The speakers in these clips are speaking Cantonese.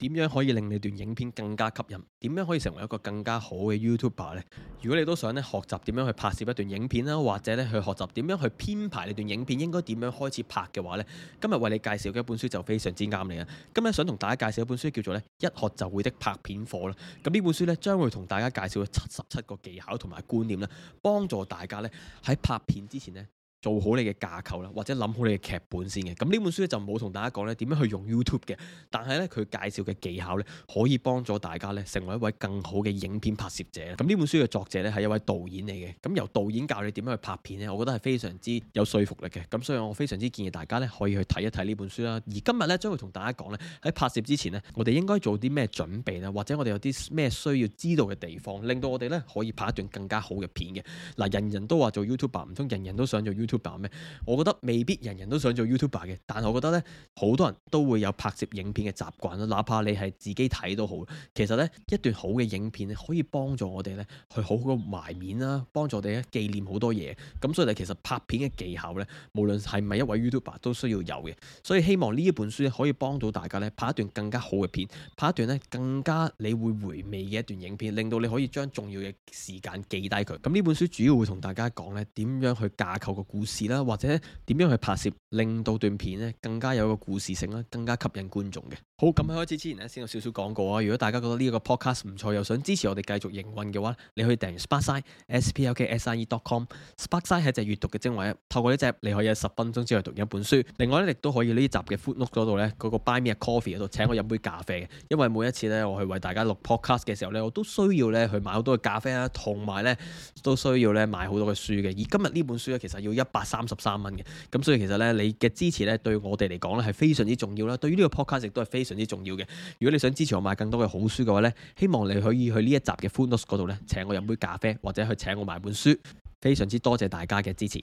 點樣可以令你段影片更加吸引？點樣可以成為一個更加好嘅 YouTuber 呢？如果你都想呢學習點樣去拍攝一段影片啦，或者呢去學習點樣去編排你段影片應該點樣開始拍嘅話呢？今日為你介紹嘅一本書就非常之啱你啊！今日想同大家介紹一本書叫做咧一學就會的拍片課啦。咁呢本書咧將會同大家介紹七十七個技巧同埋觀念啦，幫助大家咧喺拍片之前咧。做好你嘅架構啦，或者諗好你嘅劇本先嘅。咁呢本書咧就冇同大家講咧點樣去用 YouTube 嘅，但係咧佢介紹嘅技巧咧可以幫助大家咧成為一位更好嘅影片拍攝者。咁呢本書嘅作者咧係一位導演嚟嘅。咁由導演教你點樣去拍片咧，我覺得係非常之有說服力嘅。咁所以我非常之建議大家咧可以去睇一睇呢本書啦。而今日咧將會同大家講咧喺拍攝之前咧，我哋應該做啲咩準備咧，或者我哋有啲咩需要知道嘅地方，令到我哋咧可以拍一段更加好嘅片嘅。嗱，人人都話做 YouTuber，唔通人人都想做 You。YouTuber 咩？我覺得未必人人都想做 YouTuber 嘅，但係我覺得呢，好多人都會有拍攝影片嘅習慣啦。哪怕你係自己睇都好，其實呢一段好嘅影片呢，可以幫助我哋呢去好好懷緬啦，幫助我哋呢紀念好多嘢。咁所以其實拍片嘅技巧呢，無論係咪一位 YouTuber 都需要有嘅。所以希望呢一本書呢，可以幫到大家呢拍，拍一段更加好嘅片，拍一段呢更加你會回味嘅一段影片，令到你可以將重要嘅時間記低佢。咁呢本書主要會同大家講呢點樣去架構個故。故事啦，或者點樣去拍攝，令到段片咧更加有個故事性啦，更加吸引觀眾嘅。好，咁喺開始之前呢，先有少少廣告啊！如果大家覺得呢一個 podcast 唔錯，又想支持我哋繼續營運嘅話，你可以訂閱 s p a r k s i e s p l k s i e dot com。Sparkside 係隻閲讀嘅精華，透過呢隻你可以喺十分鐘之內讀一本書。另外咧，亦都可以呢集嘅 Footnote 度咧，嗰個 Buy Me a Coffee 嗰度請我飲杯咖啡嘅。因為每一次咧，我去為大家錄 podcast 嘅時候咧，我都需要咧去買好多嘅咖啡啦，同埋咧都需要咧買好多嘅書嘅。而今日呢本書咧，其實要一百三十三蚊嘅。咁所以其實咧，你嘅支持咧，對我哋嚟講咧係非常之重要啦。對於呢個 podcast 亦都係非常。非常之重要嘅。如果你想支持我買更多嘅好書嘅話咧，希望你可以去呢一集嘅 Funos 嗰度咧，請我飲杯咖啡，或者去請我買本書。非常之多謝大家嘅支持。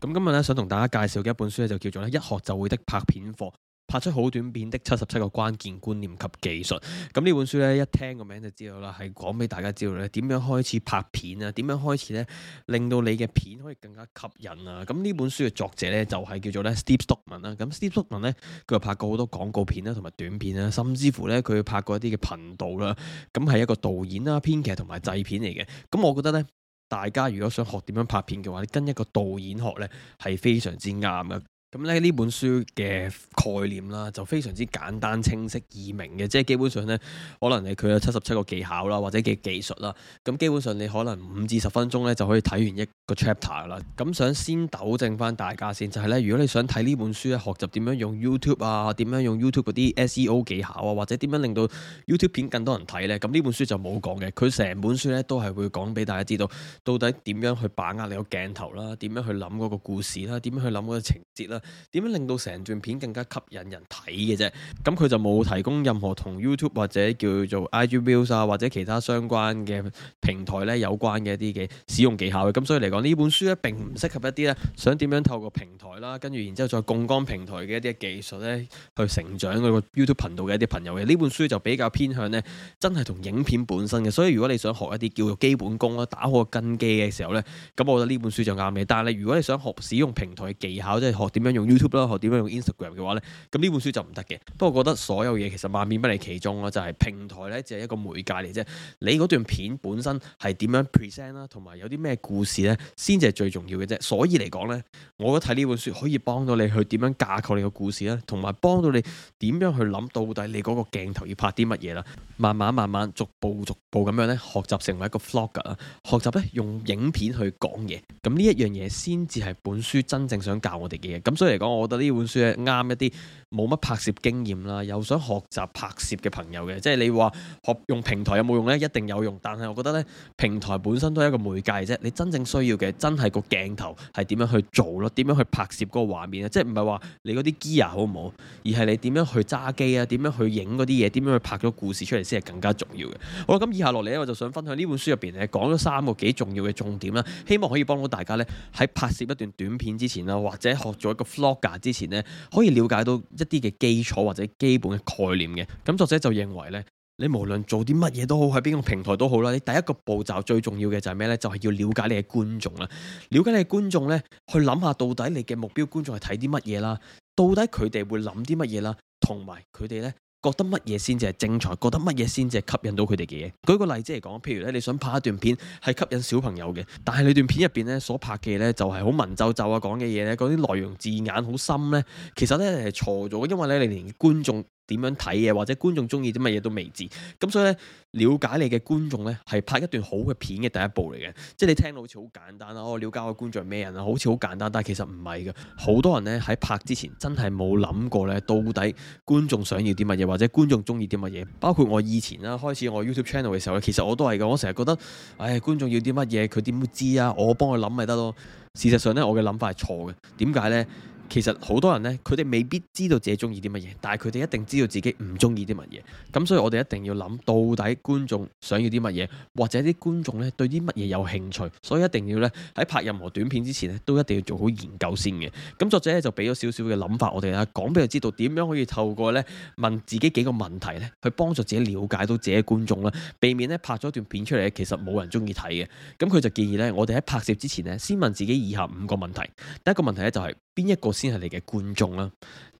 咁今日咧，想同大家介紹嘅一本書咧，就叫做咧一學就會的拍片課。拍出好短片的七十七個關鍵觀念及技術，咁呢本書咧一聽個名就知道啦，係講俾大家知道咧點樣開始拍片啊，點樣開始咧令到你嘅片可以更加吸引啊！咁呢本書嘅作者咧就係、是、叫做咧 Steve Stockman 啦，咁 Steve Stockman 咧佢又拍過好多廣告片啦，同埋短片啦，甚至乎咧佢拍過一啲嘅頻道啦，咁係一個導演啦、編劇同埋製片嚟嘅。咁我覺得咧，大家如果想學點樣拍片嘅話，你跟一個導演學咧係非常之啱嘅。咁呢本書嘅概念啦，就非常之簡單清晰易明嘅，即基本上咧，可能係佢有七十七個技巧啦，或者技術啦，咁基本上你可能五至十分鐘咧就可以睇完一。chapter 啦，咁想先糾正翻大家先，就係咧，如果你想睇呢本書咧，學習點樣用 YouTube 啊，點樣用 YouTube 嗰啲 SEO 技巧啊，或者點樣令到 YouTube 片更多人睇呢？咁呢本書就冇講嘅。佢成本書咧都係會講俾大家知道，到底點樣去把握你個鏡頭啦，點樣去諗嗰個故事啦、啊，點樣去諗嗰個情節啦、啊，點樣令到成段片更加吸引人睇嘅啫。咁佢就冇提供任何同 YouTube 或者叫做 IG Reels 啊，或者其他相關嘅平台咧有關嘅一啲嘅使用技巧嘅。咁所以嚟講，呢本書咧並唔適合一啲咧想點樣透過平台啦，跟住然之後再槓桿平台嘅一啲技術咧去成長嗰個 YouTube 頻道嘅一啲朋友嘅。呢本書就比較偏向咧，真係同影片本身嘅。所以如果你想學一啲叫做基本功啦、打好根基嘅時候呢，咁我覺得呢本書就啱你。但係如果你想學使用平台嘅技巧，即係學點樣用 YouTube 啦、學點樣用 Instagram 嘅話呢，咁呢本書就唔得嘅。不過我覺得所有嘢其實萬變不離其宗，咯，就係、是、平台呢，只係一個媒介嚟啫。你嗰段片本身係點樣 present 啦，同埋有啲咩故事呢？先至係最重要嘅啫，所以嚟講呢，我覺得睇呢本書可以幫到你去點樣架構你個故事啦，同埋幫到你點樣去諗到底你嗰個鏡頭要拍啲乜嘢啦。慢慢慢慢，逐步逐步咁樣咧，學習成為一個 vlogger 啊，學習咧用影片去講嘢。咁呢一樣嘢先至係本書真正想教我哋嘅嘢。咁所以嚟講，我覺得呢本書係啱一啲冇乜拍攝經驗啦，又想學習拍攝嘅朋友嘅。即係你話學用平台有冇用呢？一定有用，但係我覺得呢，平台本身都係一個媒介啫。你真正需要。真係個鏡頭係點樣去做咯？點樣去拍攝嗰個畫面啊？即係唔係話你嗰啲 gear 好唔好？而係你點樣去揸機啊？點樣去影嗰啲嘢？點樣去拍咗故事出嚟先係更加重要嘅。好啦，咁以下落嚟呢，我就想分享呢本書入邊呢，講咗三個幾重要嘅重點啦，希望可以幫到大家呢，喺拍攝一段短片之前啦，或者學做一個 vlogger 之前呢，可以了解到一啲嘅基礎或者基本嘅概念嘅。咁作者就認為呢。你無論做啲乜嘢都好，喺邊個平台都好啦。你第一個步驟最重要嘅就係咩呢？就係、是、要了解你嘅觀眾啦。了解你嘅觀眾呢，去諗下到底你嘅目標觀眾係睇啲乜嘢啦？到底佢哋會諗啲乜嘢啦？同埋佢哋呢覺得乜嘢先至係精彩？覺得乜嘢先至係吸引到佢哋嘅嘢？舉個例子嚟講，譬如呢你想拍一段片係吸引小朋友嘅，但係你段片入邊呢所拍嘅呢就係好文縐縐啊，講嘅嘢呢，講啲內容字眼好深呢，其實呢係錯咗，因為呢你連觀眾。點樣睇嘅，或者觀眾中意啲乜嘢都未知，咁所以呢，了解你嘅觀眾呢，係拍一段好嘅片嘅第一步嚟嘅，即係你聽到好似好簡單啦，我、哦、了解我觀眾係咩人啊，好似好簡單，但係其實唔係嘅，好多人呢，喺拍之前真係冇諗過呢，到底觀眾想要啲乜嘢，或者觀眾中意啲乜嘢，包括我以前啦，開始我 YouTube channel 嘅時候，其實我都係㗎，我成日覺得，唉、哎，觀眾要啲乜嘢，佢點知啊，我幫佢諗咪得咯。事實上呢，我嘅諗法係錯嘅，點解呢？其實好多人呢，佢哋未必知道自己中意啲乜嘢，但係佢哋一定知道自己唔中意啲乜嘢。咁所以，我哋一定要諗到底觀眾想要啲乜嘢，或者啲觀眾呢對啲乜嘢有興趣。所以一定要呢，喺拍任何短片之前呢，都一定要做好研究先嘅。咁作者呢就俾咗少少嘅諗法我哋啦，講俾佢知道點樣可以透過呢問自己幾個問題呢，去幫助自己了解到自己觀眾啦，避免呢拍咗段片出嚟其實冇人中意睇嘅。咁佢就建議呢，我哋喺拍攝之前呢，先問自己以下五個問題。第一個問題呢、就係，就係邊一個先係你嘅觀眾啦？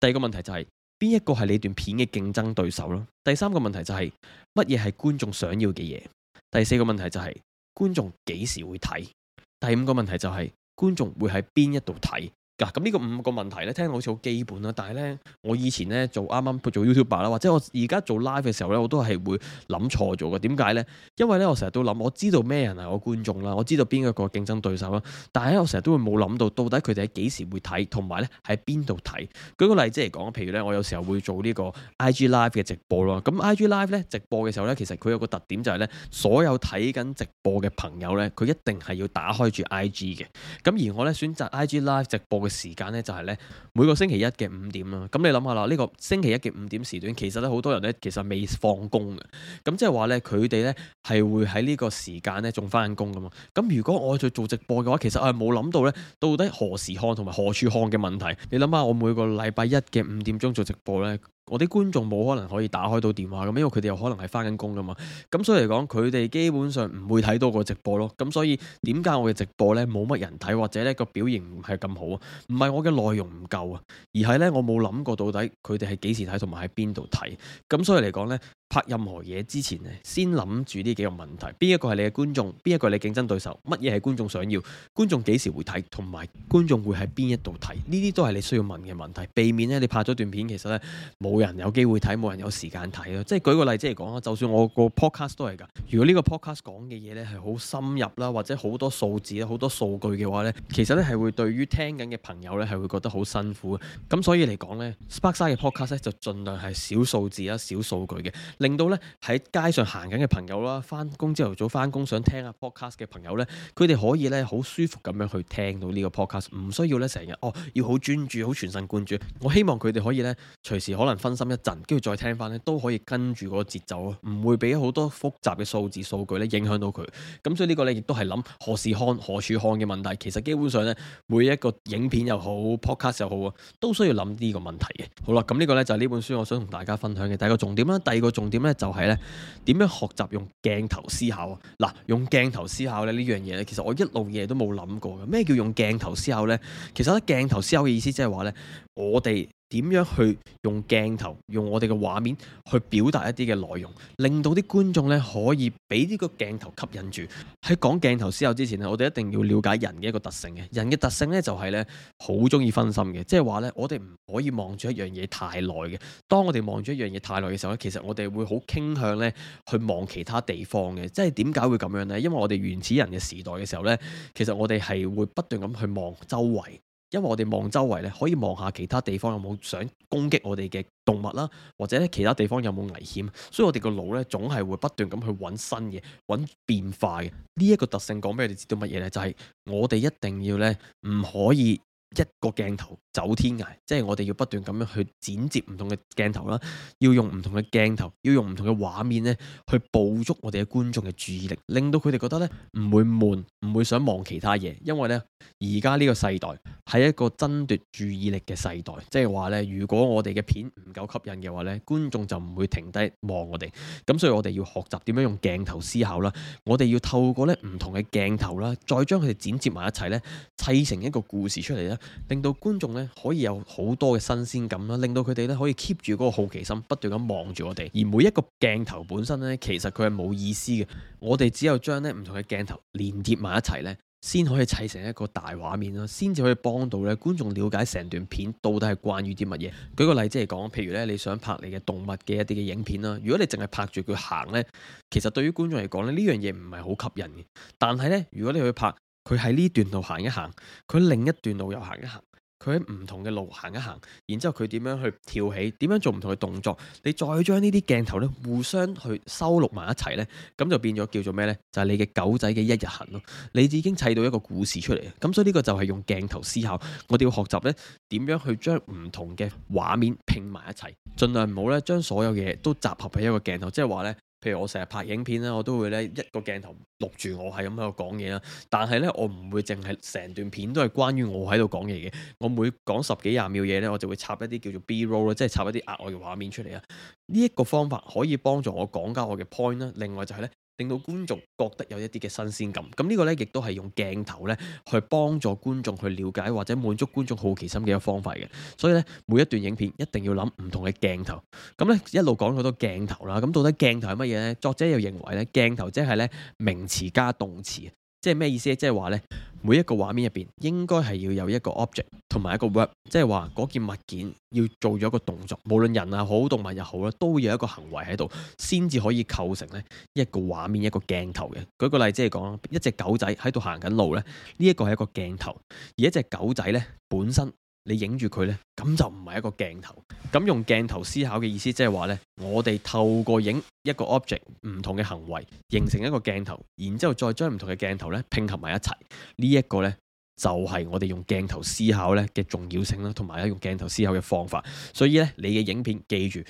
第二個問題就係、是、邊一個係你段片嘅競爭對手啦？第三個問題就係乜嘢係觀眾想要嘅嘢？第四個問題就係、是、觀眾幾時會睇？第五個問題就係、是、觀眾會喺邊一度睇？嗱，咁呢個五個問題咧，聽落好似好基本啦，但係咧，我以前咧做啱啱做 YouTuber 啦，或者我而家做 live 嘅時候咧，我都係會諗錯咗嘅。點解咧？因為咧，我成日都諗，我知道咩人係我觀眾啦，我知道邊一個競爭對手啦，但係咧，我成日都會冇諗到到底佢哋喺幾時會睇，同埋咧喺邊度睇。舉個例子嚟講，譬如咧，我有時候會做呢個 IG Live 嘅直播咯。咁 IG Live 咧直播嘅時候咧，其實佢有個特點就係咧，所有睇緊直播嘅朋友咧，佢一定係要打開住 IG 嘅。咁而我咧選擇 IG Live 直播嘅時間咧就係咧每個星期一嘅五點啦，咁你諗下啦，呢個星期一嘅五點時段其實咧好多人咧其實未放工嘅，咁即係話咧佢哋咧係會喺呢個時間咧仲翻工噶嘛。咁如果我去做直播嘅話，其實我係冇諗到咧到底何時看同埋何處看嘅問題，你諗下我每個禮拜一嘅五點鐘做直播咧。我啲觀眾冇可能可以打開到電話咁，因為佢哋又可能係翻緊工噶嘛。咁所以嚟講，佢哋基本上唔會睇到個直播咯。咁所以點解我嘅直播呢，冇乜人睇，或者呢個表現唔係咁好啊？唔係我嘅內容唔夠啊，而係呢，我冇諗過到底佢哋係幾時睇，同埋喺邊度睇。咁所以嚟講呢。拍任何嘢之前咧，先諗住呢幾個問題：邊一個係你嘅觀眾，邊一個係你競爭對手，乜嘢係觀眾想要，觀眾幾時會睇，同埋觀眾會喺邊一度睇，呢啲都係你需要問嘅問題。避免咧，你拍咗段片，其實咧冇人有機會睇，冇人有時間睇咯。即係舉個例子嚟講啊，就算我個 podcast 都係㗎，如果呢個 podcast 講嘅嘢咧係好深入啦，或者好多數字啦、好多數據嘅話咧，其實咧係會對於聽緊嘅朋友咧係會覺得好辛苦嘅。咁所以嚟講呢，Sparks 嘅 podcast 就儘量係少數字啦、少數據嘅。令到咧喺街上行緊嘅朋友啦，翻工朝頭早翻工想聽下 podcast 嘅朋友咧，佢哋可以咧好舒服咁樣去聽到呢個 podcast，唔需要咧成日哦要好專注，好全神貫注。我希望佢哋可以咧隨時可能分心一陣，跟住再聽翻咧都可以跟住個節奏啊，唔會俾好多複雜嘅數字數據咧影響到佢。咁所以呢個咧亦都係諗何時看何處看嘅問題。其實基本上咧每一個影片又好 podcast 又好啊，都需要諗呢個問題嘅。好啦，咁呢個咧就係呢本書我想同大家分享嘅第一個重點啦，第二個重。點咧就係咧點樣學習用鏡頭思考啊！嗱，用鏡頭思考咧呢樣嘢咧，其實我一路以嚟都冇諗過嘅。咩叫用鏡頭思考咧？其實咧，鏡頭思考嘅意思即係話咧，我哋。點樣去用鏡頭，用我哋嘅畫面去表達一啲嘅內容，令到啲觀眾呢可以俾呢個鏡頭吸引住。喺講鏡頭思考之前呢，我哋一定要了解人嘅一個特性嘅。人嘅特性呢，就係呢好鍾意分心嘅，即係話呢，我哋唔可以望住一樣嘢太耐嘅。當我哋望住一樣嘢太耐嘅時候呢，其實我哋會好傾向呢去望其他地方嘅。即係點解會咁樣呢？因為我哋原始人嘅時代嘅時候呢，其實我哋係會不斷咁去望周圍。因為我哋望周圍咧，可以望下其他地方有冇想攻擊我哋嘅動物啦，或者咧，其他地方有冇危險，所以我哋個腦咧總係會不斷咁去搵新嘢、搵變化嘅。呢一個特性講俾你哋知道乜嘢咧？就係我哋一定要咧唔可以。一個鏡頭走天涯，即係我哋要不斷咁樣去剪接唔同嘅鏡頭啦，要用唔同嘅鏡頭，要用唔同嘅畫面呢去捕捉我哋嘅觀眾嘅注意力，令到佢哋覺得呢唔會悶，唔會想望其他嘢。因為呢，而家呢個世代係一個爭奪注意力嘅世代，即係話呢，如果我哋嘅片唔夠吸引嘅話呢，觀眾就唔會停低望我哋。咁所以我哋要學習點樣用鏡頭思考啦，我哋要透過呢唔同嘅鏡頭啦，再將佢哋剪接埋一齊呢，砌成一個故事出嚟啦。令到觀眾咧可以有好多嘅新鮮感啦，令到佢哋咧可以 keep 住嗰個好奇心，不斷咁望住我哋。而每一個鏡頭本身咧，其實佢係冇意思嘅。我哋只有將咧唔同嘅鏡頭連接埋一齊咧，先可以砌成一個大畫面咯，先至可以幫到咧觀眾了解成段片到底係關於啲乜嘢。舉個例子嚟講，譬如咧你想拍你嘅動物嘅一啲嘅影片啦，如果你淨係拍住佢行咧，其實對於觀眾嚟講咧呢樣嘢唔係好吸引嘅。但係咧，如果你去拍，佢喺呢段路行一行，佢另一段路又行一行，佢喺唔同嘅路行一行，然之後佢點樣去跳起，點樣做唔同嘅動作，你再將呢啲鏡頭呢互相去收錄埋一齊呢，咁就變咗叫做咩呢？就係你嘅狗仔嘅一日行咯。你已經砌到一個故事出嚟，咁所以呢個就係用鏡頭思考。我哋要學習呢點樣去將唔同嘅畫面拼埋一齊，盡量唔好呢將所有嘢都集合喺一個鏡頭，即係話呢。譬如我成日拍影片啦，我都會咧一個鏡頭錄住我係咁喺度講嘢啦，但係咧我唔會淨係成段片都係關於我喺度講嘢嘅，我每講十幾廿秒嘢咧，我就會插一啲叫做 B roll 咧，即係插一啲額外嘅畫面出嚟啊！呢、這、一個方法可以幫助我講解我嘅 point 啦，另外就係、是、咧。令到觀眾覺得有一啲嘅新鮮感，咁呢個呢，亦都係用鏡頭呢去幫助觀眾去了解或者滿足觀眾好奇心嘅一個方法嘅，所以呢，每一段影片一定要諗唔同嘅鏡頭，咁呢，一路講好多鏡頭啦，咁到底鏡頭係乜嘢呢？作者又認為呢鏡頭即係呢名詞加動詞。即係咩意思？即係話呢，每一個畫面入邊應該係要有一個 object 同埋一個 verb 即係話嗰件物件要做咗一個動作，無論人啊好動物又好啦，都會有一個行為喺度，先至可以構成呢一個畫面一個鏡頭嘅。舉個例即係講，一隻狗仔喺度行緊路呢，呢、這個、一個係一個鏡頭，而一隻狗仔呢本身。你影住佢呢，咁就唔係一個鏡頭。咁用鏡頭思考嘅意思，即係話呢，我哋透過影一個 object 唔同嘅行為，形成一個鏡頭，然之後再將唔同嘅鏡頭呢拼合埋一齊。呢一個呢，就係我哋用鏡頭思考呢嘅重要性啦，同埋呢用鏡頭思考嘅方法。所以呢，你嘅影片記住。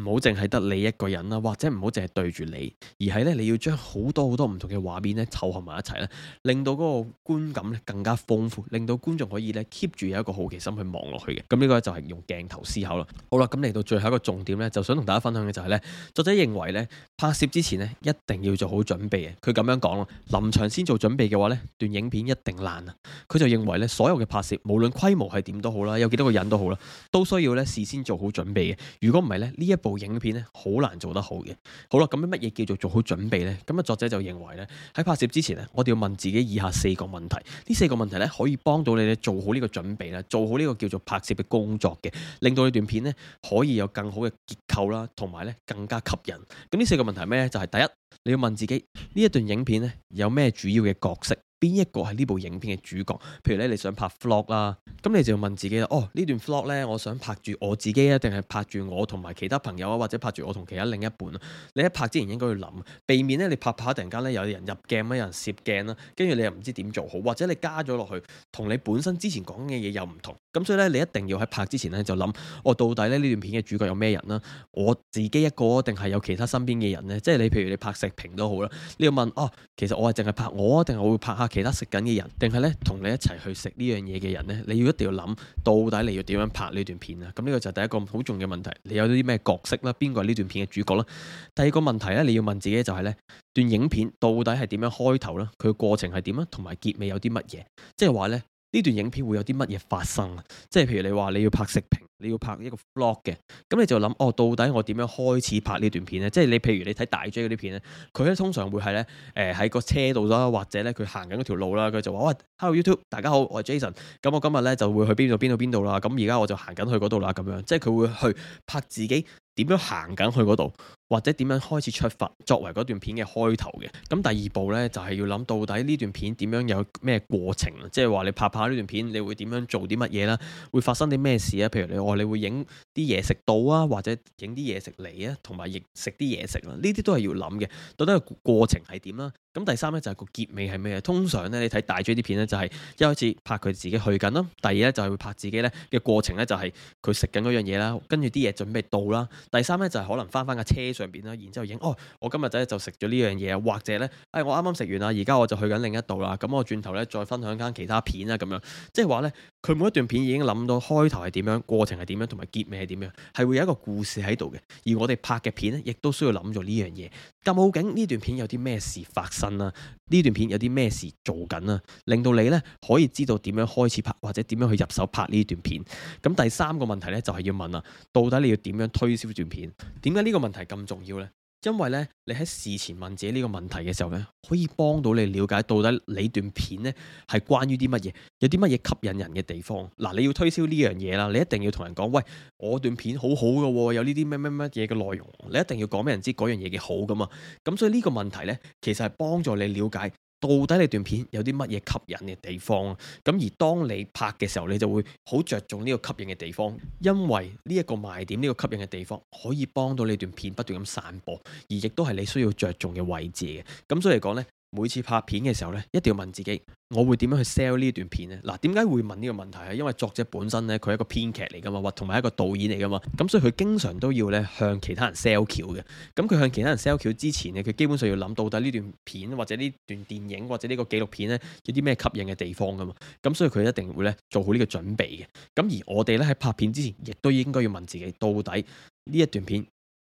唔好淨係得你一個人啦，或者唔好淨係對住你，而係咧你要將好多好多唔同嘅畫面咧湊合埋一齊咧，令到嗰個觀感咧更加豐富，令到觀眾可以咧 keep 住有一個好奇心去望落去嘅。咁、這、呢個就係用鏡頭思考啦。好啦，咁嚟到最後一個重點咧，就想同大家分享嘅就係、是、咧，作者認為咧拍攝之前咧一定要做好準備嘅。佢咁樣講咯，臨場先做準備嘅話咧，段影片一定爛啊。佢就認為咧所有嘅拍攝無論規模係點都好啦，有幾多個人都好啦，都需要咧事先做好準備嘅。如果唔係咧呢一部影片咧好難做得好嘅。好啦，咁樣乜嘢叫做做好準備呢？咁啊，作者就認為咧，喺拍攝之前咧，我哋要問自己以下四個問題，呢四個問題咧可以幫到你咧做好呢個準備啦，做好呢個叫做拍攝嘅工作嘅，令到你段片咧可以有更好嘅結構啦，同埋咧更加吸引。咁呢四個問題咩咧？就係第一，你要問自己呢一段影片咧有咩主要嘅角色？邊一個係呢部影片嘅主角？譬如咧，你想拍 vlog 啦，咁你就要問自己啦。哦，段呢段 vlog 咧，我想拍住我自己啊，定係拍住我同埋其他朋友啊，或者拍住我同其他另一半啊？你喺拍之前應該要諗，避免咧你拍拍突然間咧有人入鏡，有人攝鏡啦，跟住你又唔知點做好，或者你加咗落去同你本身之前講嘅嘢又唔同。咁所以咧，你一定要喺拍之前呢就諗，我、哦、到底咧呢段片嘅主角有咩人啦？我自己一個，定係有其他身邊嘅人呢？即係你譬如你拍食評都好啦，你要問哦，其實我係淨係拍我，定係會拍下？其他食緊嘅人，定係呢？同你一齊去食呢樣嘢嘅人呢，你要一定要諗，到底你要點樣拍呢段片啊？咁、這、呢個就第一個好重要嘅問題。你有啲咩角色啦？邊個係呢段片嘅主角啦？第二個問題呢，你要問自己就係、是、呢段影片到底係點樣開頭啦？佢過程係點啊？同埋結尾有啲乜嘢？即係話呢。呢段影片會有啲乜嘢發生啊？即係譬如你話你要拍食評，你要拍一個 vlog 嘅，咁你就諗：「哦，到底我點樣開始拍呢段片呢？」即係你譬如你睇大 J 嗰啲片咧，佢咧通常會係呢，誒、呃、喺個車度啦，或者呢，佢行緊嗰條路啦，佢就話喂，Hello YouTube，大家好，我係 Jason，咁我今日呢，就會去邊度邊度邊度啦，咁而家我就行緊去嗰度啦，咁樣，即係佢會去拍自己點樣行緊去嗰度。或者點樣開始出發作為嗰段片嘅開頭嘅，咁第二步呢，就係、是、要諗到底呢段片點樣有咩過程，即係話你拍拍呢段片，你會點樣做啲乜嘢啦？會發生啲咩事啊？譬如你話，你會影啲嘢食到啊，或者影啲嘢食嚟啊，同埋食啲嘢食啦。呢啲都係要諗嘅，到底個過程係點啦？咁第三呢，就係、是、個結尾係咩？通常呢，你睇大追啲片呢，就係一開始拍佢自己去緊啦，第二呢，就係、是、會拍自己呢嘅過程呢，就係佢食緊嗰樣嘢啦，跟住啲嘢準備到啦，第三呢，就係、是、可能返返個車。上然之後影哦，我今日仔就食咗呢樣嘢，或者呢，誒、哎、我啱啱食完啦，而家我就去緊另一度啦，咁我轉頭呢，再分享間其他片啊，咁樣即係話呢，佢每一段片已經諗到開頭係點樣，過程係點樣，同埋結尾係點樣，係會有一個故事喺度嘅。而我哋拍嘅片呢，亦都需要諗咗呢樣嘢，究竟呢段片有啲咩事發生啊？呢段片有啲咩事做緊啊？令到你呢，可以知道點樣開始拍，或者點樣去入手拍呢段片。咁第三個問題呢，就係、是、要問啦，到底你要點樣推銷段片？點解呢個問題咁重要咧，因為咧，你喺事前問自己呢個問題嘅時候咧，可以幫到你了解到底你段片咧係關於啲乜嘢，有啲乜嘢吸引人嘅地方。嗱，你要推銷呢樣嘢啦，你一定要同人講，喂，我段片好好㗎，有呢啲咩咩咩嘢嘅內容，你一定要講俾人知嗰樣嘢嘅好㗎嘛。咁所以呢個問題咧，其實係幫助你了解。到底你段片有啲乜嘢吸引嘅地方啊？咁而當你拍嘅時候，你就會好着重呢個吸引嘅地方，因為呢一個賣點，呢、呢個吸引嘅地方，可以幫到你段片不斷咁散播，而亦都係你需要着重嘅位置嘅。咁所以嚟講呢。每次拍片嘅時候咧，一定要問自己，我會點樣去 sell 呢段片呢？嗱，點解會問呢個問題啊？因為作者本身咧，佢係一個編劇嚟噶嘛，或同埋一個導演嚟噶嘛，咁所以佢經常都要咧向其他人 sell 橋嘅。咁佢向其他人 sell 橋之前咧，佢基本上要諗到底呢段片或者呢段電影或者呢個紀錄片咧有啲咩吸引嘅地方噶嘛。咁所以佢一定會咧做好呢個準備嘅。咁而我哋咧喺拍片之前，亦都應該要問自己到底呢一段片。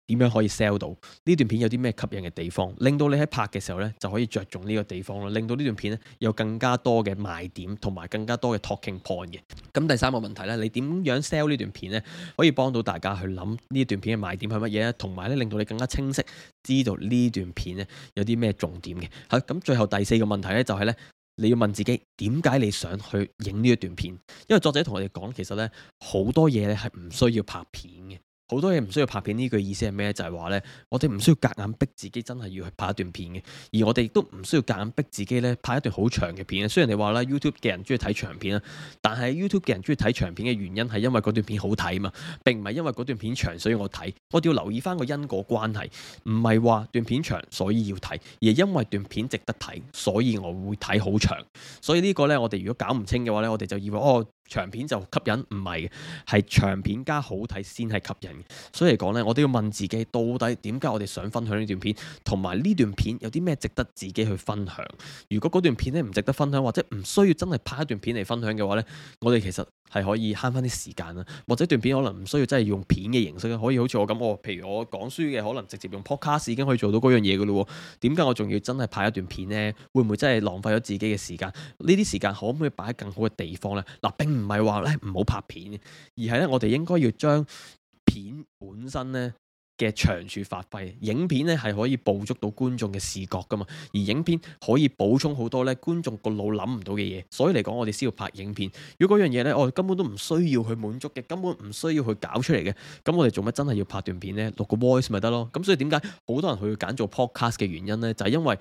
點樣可以 sell 到呢段片有啲咩吸引嘅地方，令到你喺拍嘅時候呢就可以着重呢個地方咯，令到呢段片呢有更加多嘅賣點，同埋更加多嘅 talking point 嘅。咁第三個問題呢，你點樣 sell 呢段片呢？可以幫到大家去諗呢段片嘅賣點係乜嘢咧，同埋咧令到你更加清晰知道呢段片呢有啲咩重點嘅吓。咁、嗯、最後第四個問題呢，就係、是、呢你要問自己，點解你想去影呢一段片？因為作者同我哋講，其實呢好多嘢咧係唔需要拍片嘅。好多嘢唔需要拍片呢句意思係咩？就係話呢，我哋唔需要夾硬逼自己真係要去拍一段片嘅，而我哋亦都唔需要夾硬逼自己呢拍一段好長嘅片嘅。雖然你話啦 YouTube 嘅人中意睇長片啊，但係 YouTube 嘅人中意睇長片嘅原因係因為嗰段片好睇嘛，並唔係因為嗰段片長所以我睇。我哋要留意翻個因果關係，唔係話段片長所以要睇，而係因為段片值得睇，所以我會睇好長。所以呢個呢，我哋如果搞唔清嘅話呢，我哋就以為哦。長片就吸引唔係，係長片加好睇先係吸引。所以嚟講呢，我都要問自己，到底點解我哋想分享呢段片，同埋呢段片有啲咩值得自己去分享？如果嗰段片呢唔值得分享，或者唔需要真係拍一段片嚟分享嘅話呢，我哋其實係可以慳翻啲時間啦。或者段片可能唔需要真係用片嘅形式，可以好似我咁，我譬如我講書嘅，可能直接用 Podcast 已經可以做到嗰樣嘢噶啦。點解我仲要真係拍一段片呢？會唔會真係浪費咗自己嘅時間？呢啲時間可唔可以擺喺更好嘅地方呢？唔係話咧唔好拍片，而係咧我哋應該要將片本身咧嘅長處發揮。影片咧係可以捕捉到觀眾嘅視覺噶嘛，而影片可以補充好多咧觀眾個腦諗唔到嘅嘢。所以嚟講，我哋先要拍影片。如果嗰樣嘢咧，我哋根本都唔需要去滿足嘅，根本唔需要去搞出嚟嘅，咁我哋做乜真係要拍段片咧？錄個 voice 咪得咯？咁所以點解好多人去揀做 podcast 嘅原因咧，就係因為。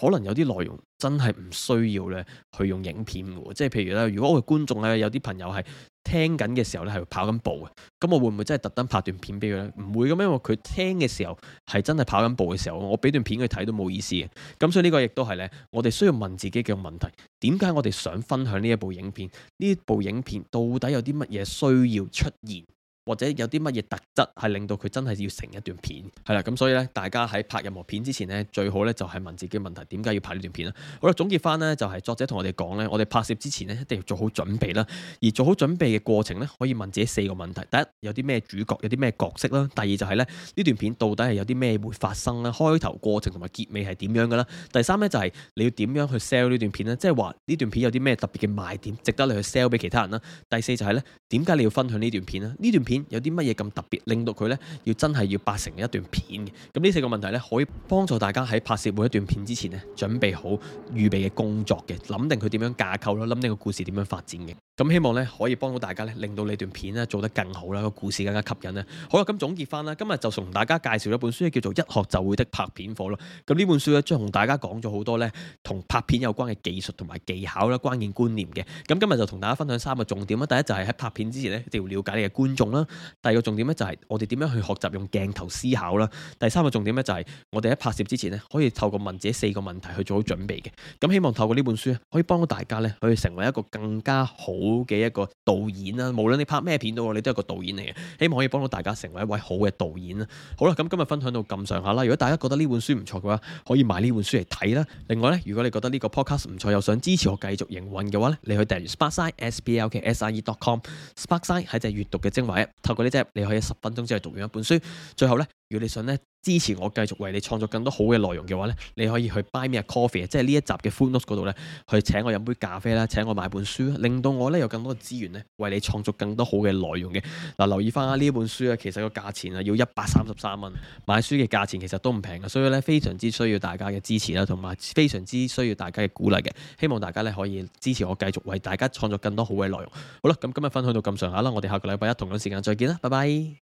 可能有啲內容真係唔需要咧，去用影片，即係譬如咧，如果我嘅觀眾咧，有啲朋友係聽緊嘅時候咧，係會跑緊步嘅，咁我會唔會真係特登拍段片俾佢呢？唔會咁樣，因為佢聽嘅時候係真係跑緊步嘅時候，我俾段片佢睇都冇意思嘅。咁所以呢個亦都係呢，我哋需要問自己嘅問題：點解我哋想分享呢一部影片？呢部影片到底有啲乜嘢需要出現？或者有啲乜嘢特質係令到佢真係要成一段片係啦，咁所以咧，大家喺拍任何片之前呢，最好咧就係問自己問題，點解要拍呢段片啦？好啦，總結翻呢，就係作者同我哋講呢，我哋拍攝之前呢，一定要做好準備啦。而做好準備嘅過程呢，可以問自己四個問題：第一，有啲咩主角，有啲咩角色啦；第二就係咧，呢段片到底係有啲咩會發生啦？開頭過程同埋結尾係點樣噶啦？第三呢就係你要點樣去 sell 呢段片呢？即係話呢段片有啲咩特別嘅賣點，值得你去 sell 俾其他人啦？第四就係呢，點解你要分享呢段片呢？呢段片。有啲乜嘢咁特別，令到佢呢要真係要拍成一段片嘅？咁呢四個問題呢，可以幫助大家喺拍攝每一段片之前呢，準備好預備嘅工作嘅，諗定佢點樣架構咯，諗定個故事點樣發展嘅。咁希望咧可以幫到大家咧，令到你段片咧做得更好啦，個故事更加吸引咧。好啦，咁總結翻啦，今日就同大家介紹一本書叫做《一學就會的拍片課》咯。咁呢本書咧，將同大家講咗好多咧，同拍片有關嘅技術同埋技巧啦，關鍵觀念嘅。咁今日就同大家分享三個重點啦。第一就係喺拍片之前咧，就要了解你嘅觀眾啦。第二個重點咧，就係我哋點樣去學習用鏡頭思考啦。第三個重點咧，就係我哋喺拍攝之前咧，可以透過問自己四個問題去做好準備嘅。咁希望透過呢本書，可以幫到大家咧，去成為一個更加好。好嘅一個導演啦、啊，無論你拍咩片都好，你都係一個導演嚟嘅，希望可以幫到大家成為一位好嘅導演啦、啊。好啦、啊，咁今日分享到咁上下啦。如果大家覺得呢本書唔錯嘅話，可以買呢本書嚟睇啦。另外呢，如果你覺得呢個 podcast 唔錯又想支持我繼續營運嘅話呢，你可以訂閱 sparkside s p l k s i r e dot com。sparkside 係只閱讀嘅精華，透過呢隻你可以十分鐘之後讀完一本書。最後呢。如果你想咧支持我繼續為你創作更多好嘅內容嘅話咧，你可以去 Buy Me A Coffee，即係呢一集嘅 full notes 嗰度，咧去請我飲杯咖啡啦，請我買本書，令到我咧有更多嘅資源咧為你創作更多好嘅內容嘅嗱、啊。留意翻下呢一本書啊，其實個價錢啊要一百三十三蚊，買書嘅價錢其實都唔平嘅，所以咧非常之需要大家嘅支持啦，同埋非常之需要大家嘅鼓勵嘅。希望大家咧可以支持我繼續為大家創作更多好嘅內容。好啦，咁今日分享到咁上下啦，我哋下個禮拜一同咁時間再見啦，拜拜。